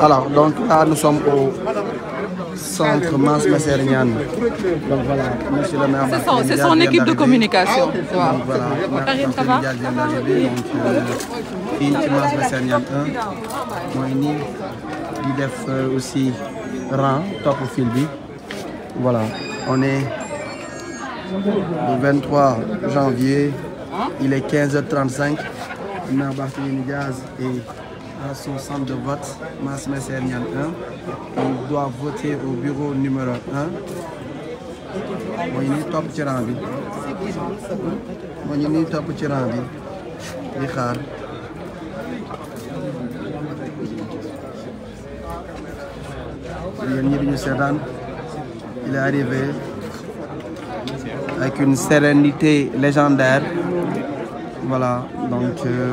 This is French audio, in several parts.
Alors, donc là, nous sommes au centre Mas Donc voilà, monsieur le maire. C'est son, équipe de communication. Donc voilà, Karim, ça va Donc, euh, Mas 1 def euh, aussi rang toi fil voilà on est le 23 janvier hein? il est 15h35 Nabakh Diaz et à son centre de vote, Mass 1. On doit voter au bureau numéro 1. On est top, tirandi On est top tirandi il est arrivé avec une sérénité légendaire voilà donc. Euh,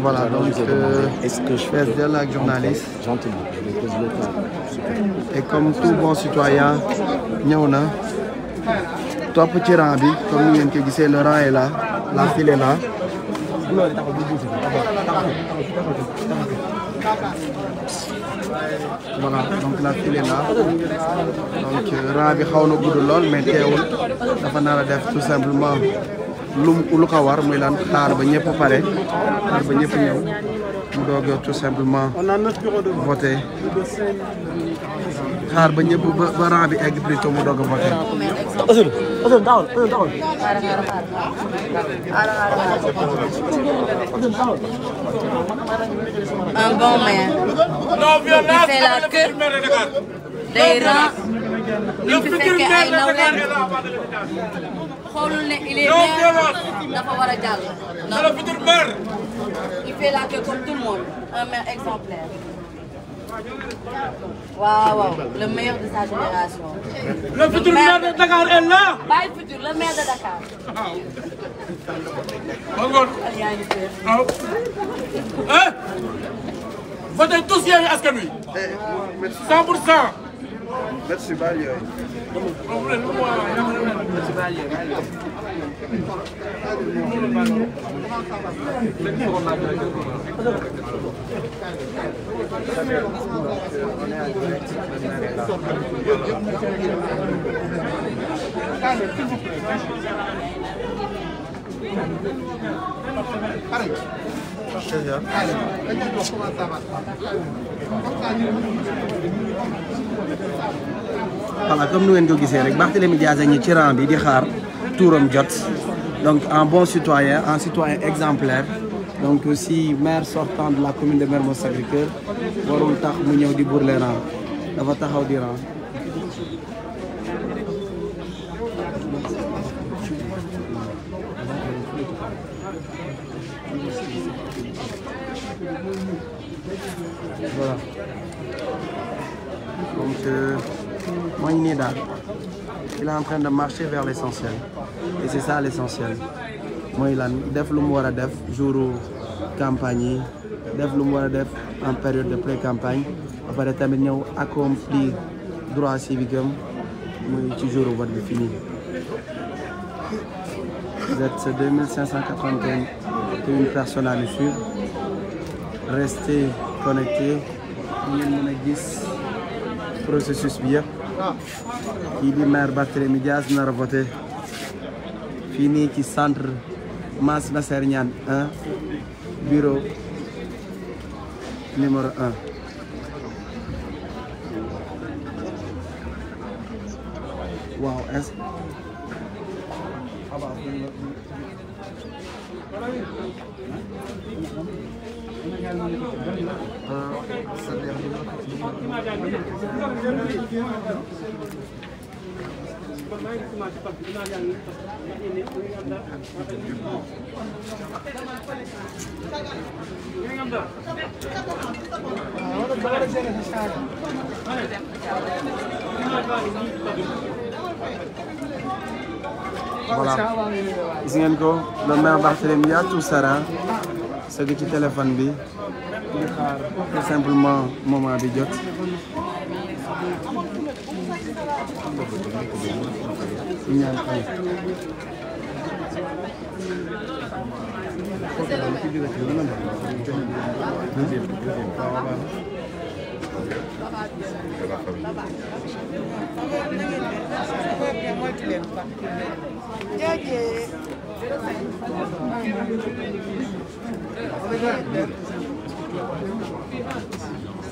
Voilà, donc, euh, est-ce que je fais de la journaliste Gentiment, je vais poser le Et comme tout bon citoyen, nous top petit rang bi comme ni ngeen ko le rang est là la file est là. voilà donc la file est là donc euh, rang bi xaw na gudd lool mais teewul dafa a def tout simplement. lu lu ko war muy lan xaar ba ñëpp pare xaar ba ñëpp ñëw mu doog tout simplement voté xaar ba ñëpp ba ba rang bi egg plutôt mu doog a voté. un bon maire. c'est la queue des rangs. ñu ngi fi fekkee ay nawle. il est mère. c'est le futur maire. il fait la queue comme tout le monde un maire exemplaire. Waouh le meilleur de sa génération. le futur maire de Dakar est là. Pas le futur le maire de Dakar. waaw. bon Vous êtes tous hier à ce que lui 100. Merci Mario. Merci Mario. Allez, Allez, comment ça va voilà comme nous ngeen dit, gisee rek Barthélémy Dias ñi ci rang bi di xaar tuuram jot donc un bon citoyen un citoyen exemplaire donc aussi maire sortant de la commune de Mermoz Sacré-Cœur warul tax mu ñëw di bourler dafa taxaw di moi, il est là. Il est en train de marcher vers l'essentiel. Et c'est ça l'essentiel. Moi, il a def le mois jour campagne, def le en période de pré-campagne. Après, il a accompli droit civique, moi, toujours au vote de fini. Vous êtes 2581 personnes à nous suivre. Restez connectés. processus bi yëpp kii di maire Barthélémy Dias nar a voté fii nii ci centre Mass Nasser Niane 1 bureau numéro 1 waaw est voilà gis ngeen ko le maire Barthélémy Yatou Sara sëgg ci téléphone bi pour simplement moment bi jot 今年开，后天就这个结婚了嘛，对吧？不行不行，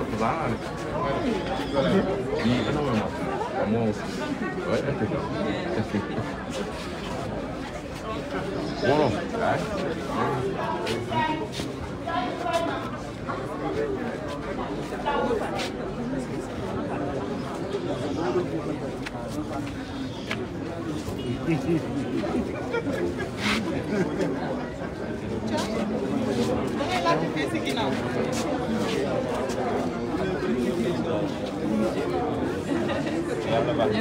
nossos lares. E, não, irmão. É monstro. Vai, vai pegar. Bom, tá? Tchau. Não é lá que fez yàlla baax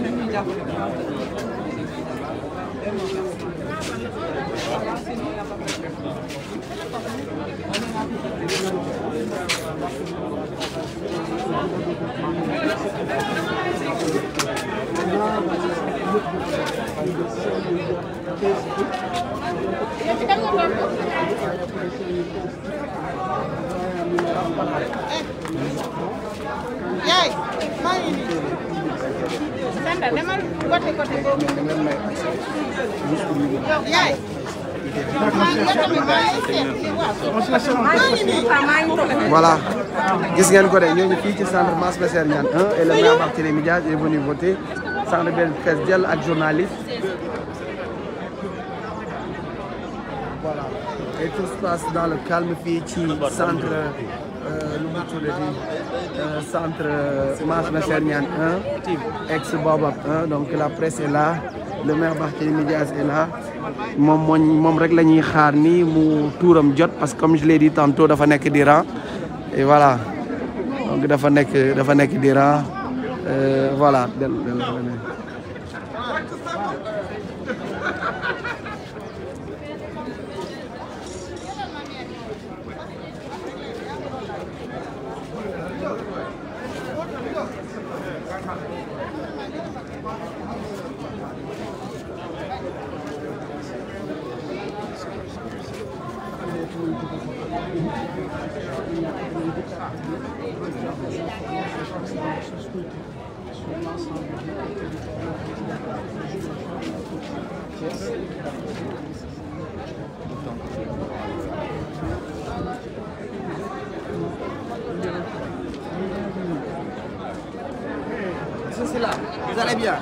demal côté côté boobu. Voilà, gis ngeen ko de ñoo fi ci centre Mass Messer ñan 1 et le maire Barthélémy Diaz est venu voter centre benn presse jël ak journaliste. Voilà, et tout se passe dans le calme fii ci centre. euh, centre euh, Mas Lacharnian 1, ex-Bobab 1. Donc la presse est là, le maire Barthélémy Diaz est là. moom moo moom rek la ñuy xaar ni mu tuuram jot parce que comme je l'ai dit tantôt dafa di rang et voilà donc dafa dafa di rang euh, voilà. Ça C'est là, vous allez bien.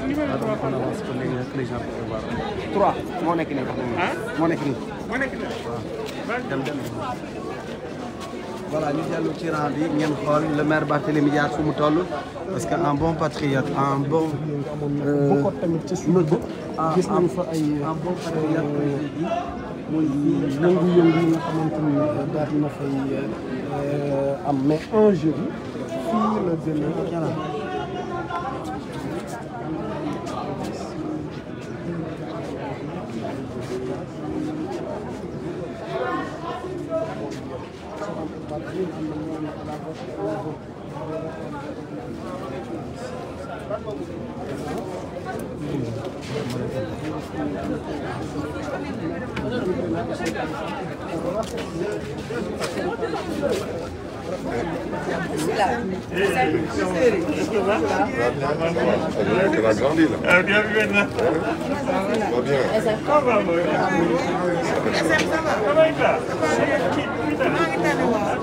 3. on voilà ñu ci le maire Barthélémy un bon parce qu'un un bon patriote un bon. un bon patriote mais un bien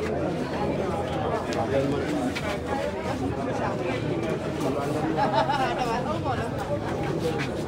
哈哈哈！哈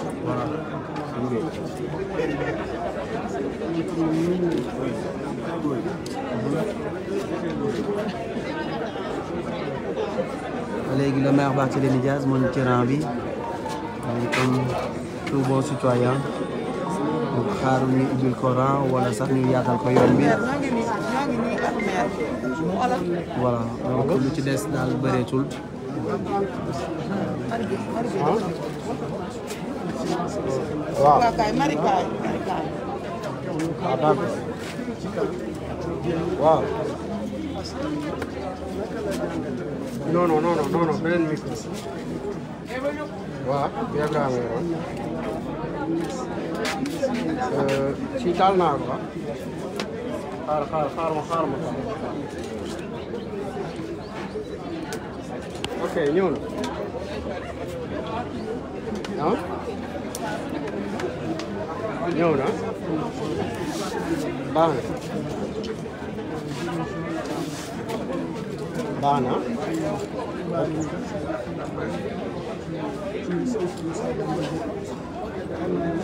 Voilà. Allez, le maire Barthélémy Diaz, mon tirant en vie. Allez, Comme tout bon citoyen, nous le karmi du Coran. Voilà, ça nous y a dans le Coran. Voilà, donc nous sommes dans le Beretult. waaw waaw kay mari kay mari kay waaw non non non non non beneen micro waaw bien gaa ngi woon ci taal naa ko xaar xaar xaar ma xaar ma ok ñëw na euro. Bana. Bana.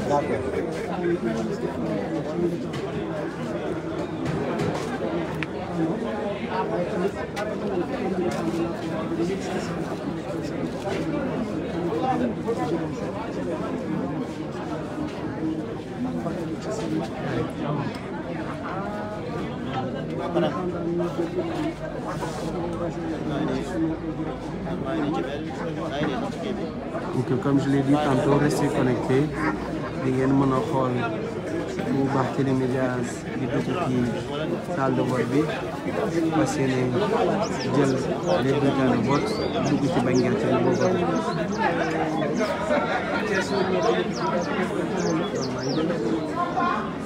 Dakle. Thank you. Donc, comme je l'ai dit tantôt, restez connectés. di ngeen mën a xool bu baax les Dias di dugg ci salle de vote bi fas yéene jël les bulletins de vote dugg ci Banguel ci ñu vote Thank you.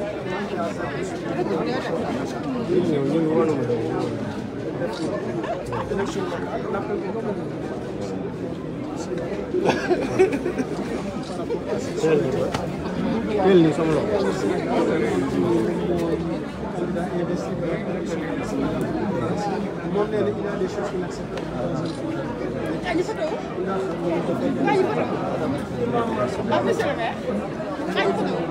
Quelli sono loro. Allez, photo. Allez, photo. Allez, photo. Allez, photo.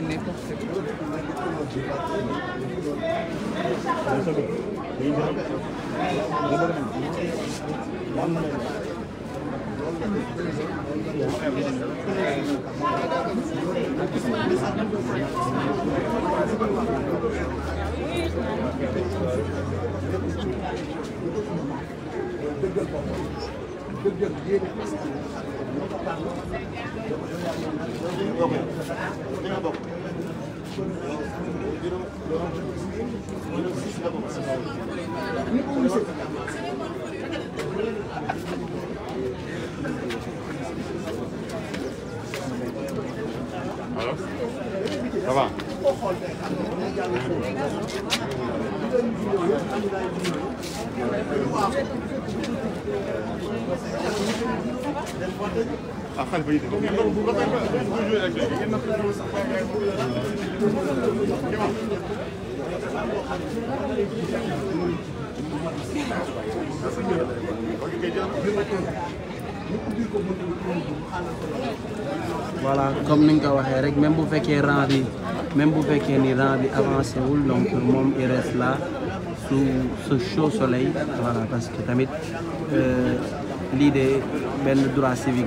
있네 버스 Thank you. Ça va. voilà comme nous avons fait, même si vous rang bi même si vous ni rang avant avancé donc il reste là sous ce chaud soleil voilà parce que mis euh, l'idée de le droit civique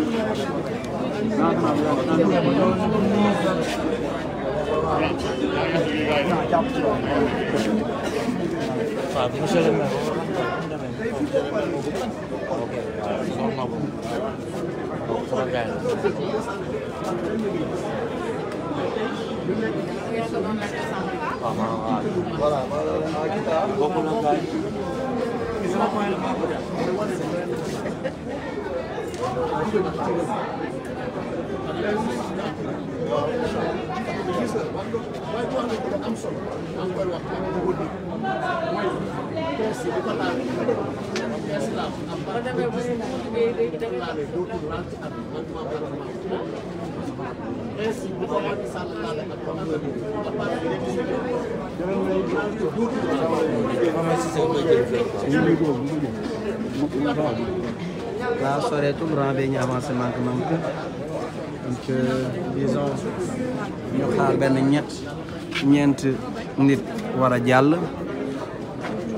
Bunu söyleme. Sorma bu. Doktora geldi. Tamam abi. Dokuna geldi. Bizim akmayalım. gis nga laa am ba demee ba ne laalee dootul laal ci donc disons euh, ñu xaar ben ñet ñent nit wara a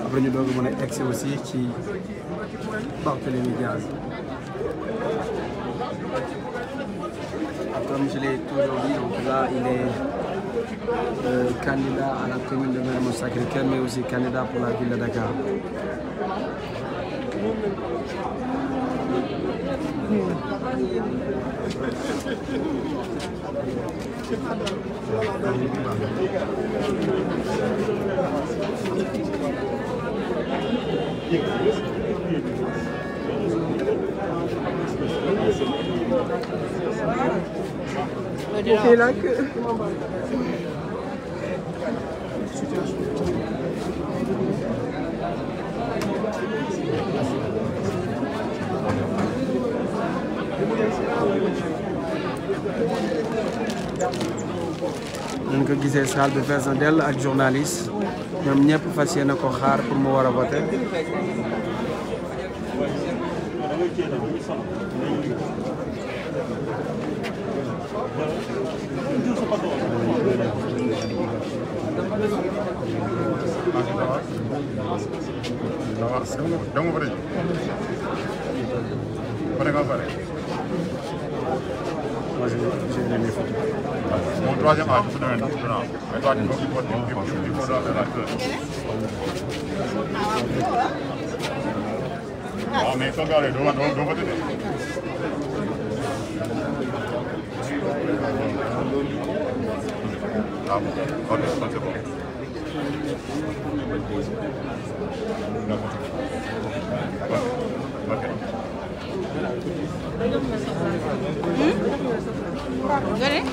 après ñu avons aussi ci comme je l'ai toujours dit donc là il est euh, candidat à la commune de Mermoz sacré mais aussi candidat pour la ville de Dakar c'est là que... nañ ko gisee salle bi fees na dell ak journaliste ñoom ñëpp fas yéene ko xaar pour mu war a voté Moi, je, je mon troisième âge, je vous donne un diplôme. Mais toi, tu portes une diplôme, tu portes un diplôme. Non, mais il faut regarder, devant, devant, devant, devant. Ah bon, ok, c'est bon. D'accord. Ok. Hum? Gare?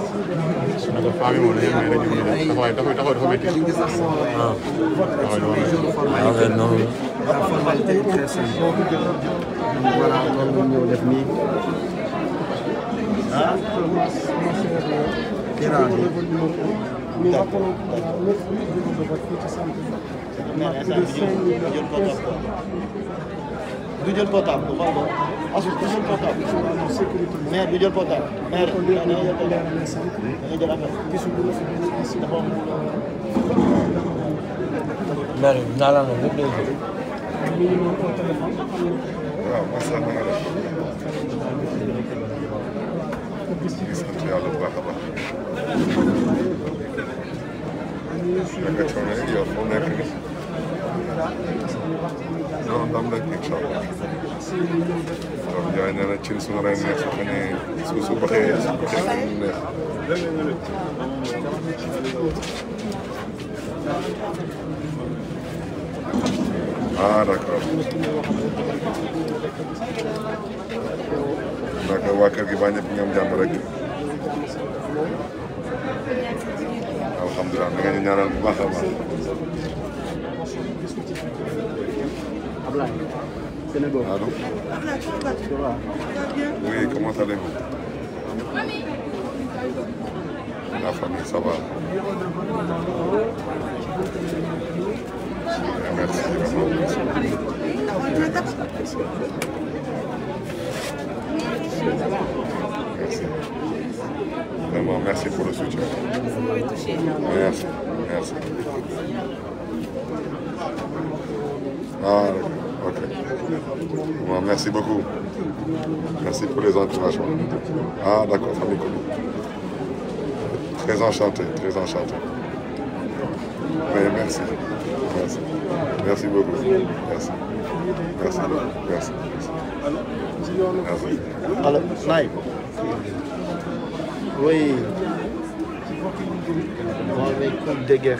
ndax femme yi moom dañoo may dañu mën a def taxawaay taxaw taxaw dafa métti. waaw waaw loolu la. waaw kay noonu. la formalité est très simple. voilà loolu la ñu def nii. ah. Iran bi. d'accord. দুজন প্রতাপ আসুন দুজন প্রতাপ মেয়ের দুজন প্রতাপ মেয়ের নারায়ণগঞ্জে Belguri Thank you. yow ndam la incha allah donc Ndiaye nee na cin su ma su su su su ah kër gi rek ñaanal bu baax baax. Habla. Sénégal. Allô Oui, comment allez-vous Mamie. La famille, ça va Merci, Merci. Vraiment, merci pour le soutien. Merci, merci. Ah, merci beaucoup. Merci pour les encouragements. Ah, d'accord, famille Très enchanté, très enchanté. Mais merci. Merci. Merci beaucoup. Merci. Merci Merci. Merci. Alors, Naïf. Oui. guerre.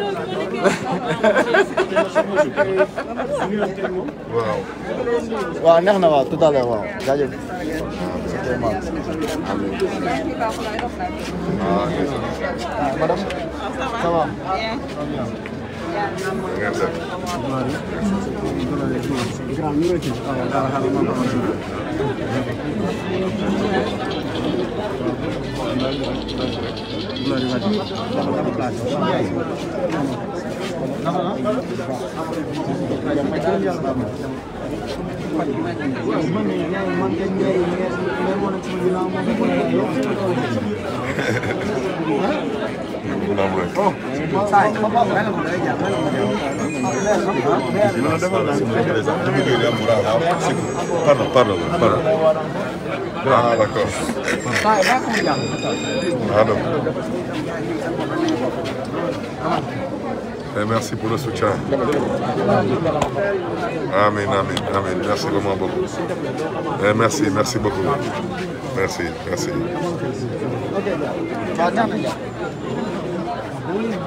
waaw. waaw neex na waaw tout à ah, l'heure ah, waaw jaajëf. waaw madame ça va. Gracias. Pardon, pardon, pardon. Ah, d'accord. Pardon. Et merci pour le soutien. Amen, amen, amen. Merci vraiment beaucoup. Et é, merci, merci beaucoup. Merci, merci.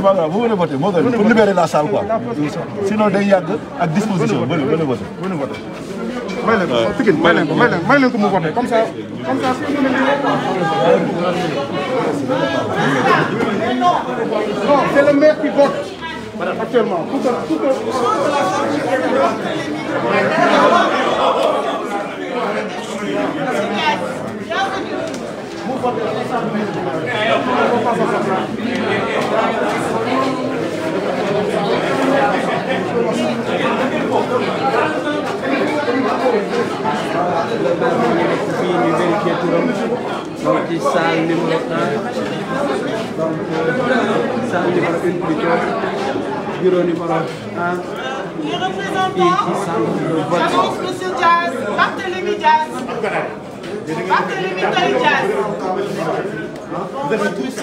vous voter vous libérer la salle quoi sinon disposition comme ça. c'est le maire qui vote actuellement Vous avez tous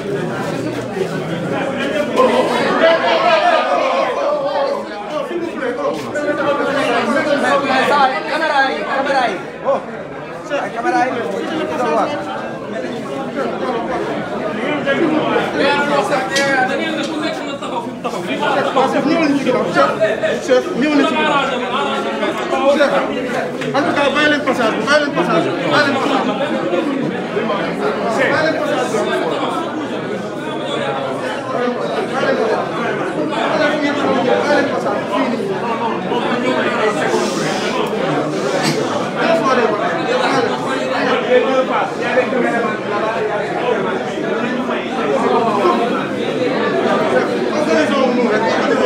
ñëwal ñu ci ginnaaw chef chef ñëwal ñu ci ginnaaw chef en tout cas bàyyi leen passage bi bàyyi leen passage bi bàyyi leen passage bi bàyyi leen passage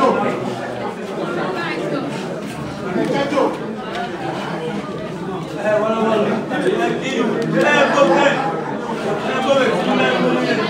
Hey, what I want to do? Hey, go, hey. Hey, go, hey.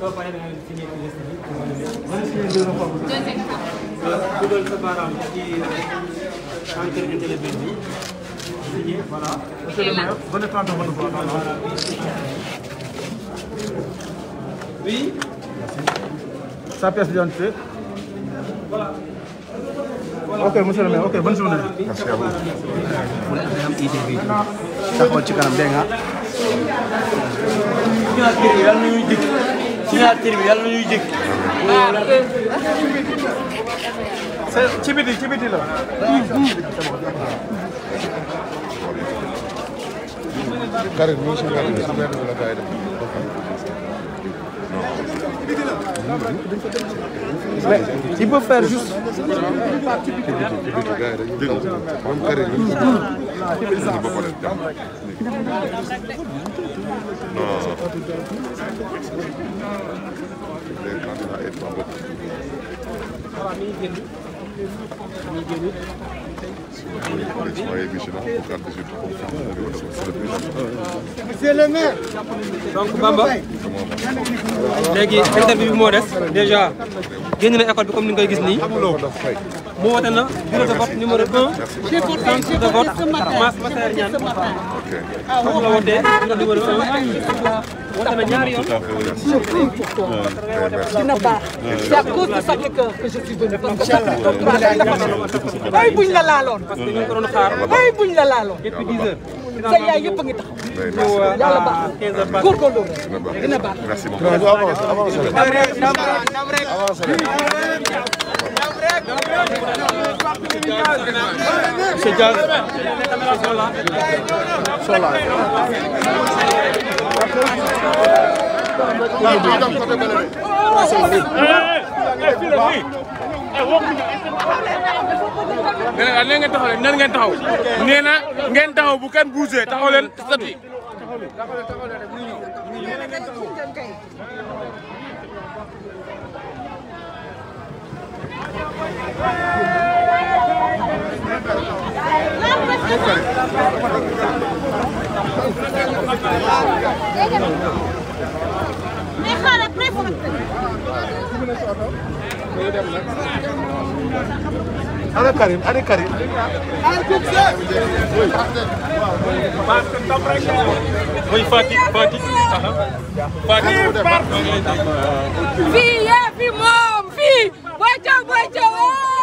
soo paree da nga leen signé ci liste bi. mën na signé deuxième fois. dugal sa baaraam ci encre intérêt bi. signé voilà. monsieur le maire bonne attente bonne voie. oui. sa pièce d'identité. voilà. ok monsieur le maire ok bonne journée. merci à vous. am idée bi taxaw ci kanam dégg nga. Günah terimi yarın yiyecek. Çipidi, çipidi lan. Karın, nişan karın, nişan karın böyle gayrı. Il peut faire juste. Monsieur le maire donc Bamba léegi interview bi moo des déjà génn na école bi comme ni nga koy gis nii mu wote na bureau de vote numéro de ok foofu la wootee. woote na ñaari yoon. je prie. dina baax. c'est à cause de Sacré-Cœur que je suis venue. parce que Sacré-Cœur bay buñ la laaloon. parce que ñu ngi ko doon xaar. bay buñ la laaloon. depuis 10 heures. sa yaay yëpp a ngi taxaw. yàlla baax na góorgóorlu dina baax. merci beaucoup. Sejak Sola. nee na nee ngeen taxaw leen nan ngeen أنا كريم أنا كريم وي فاتيك فاتيك فاتيك في في موم في 不叫不叫。